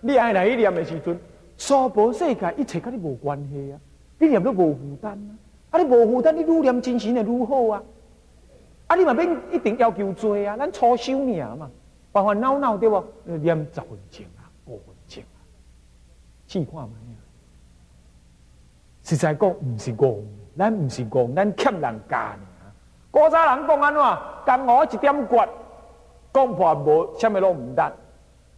你愛來去念的時陣，娑婆世界一切跟你無關係啊，你念的無負擔啊，啊你無負擔，你愈念精神愈好啊，啊你嘛免一定要求多啊，咱初修命嘛，煩煩惱惱對不？念十分鐘啊，五分鐘啊，計劃嘛，實在講唔是講咱唔是講咱欠人家呢，古早人講安怎，干我一點骨，講破無，什麼攏唔得。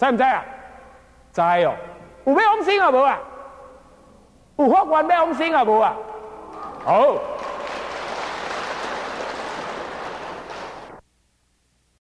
在不在啊？在哦。有沒紅星啊？冇啊。有花冠沒紅星啊？冇啊。哦。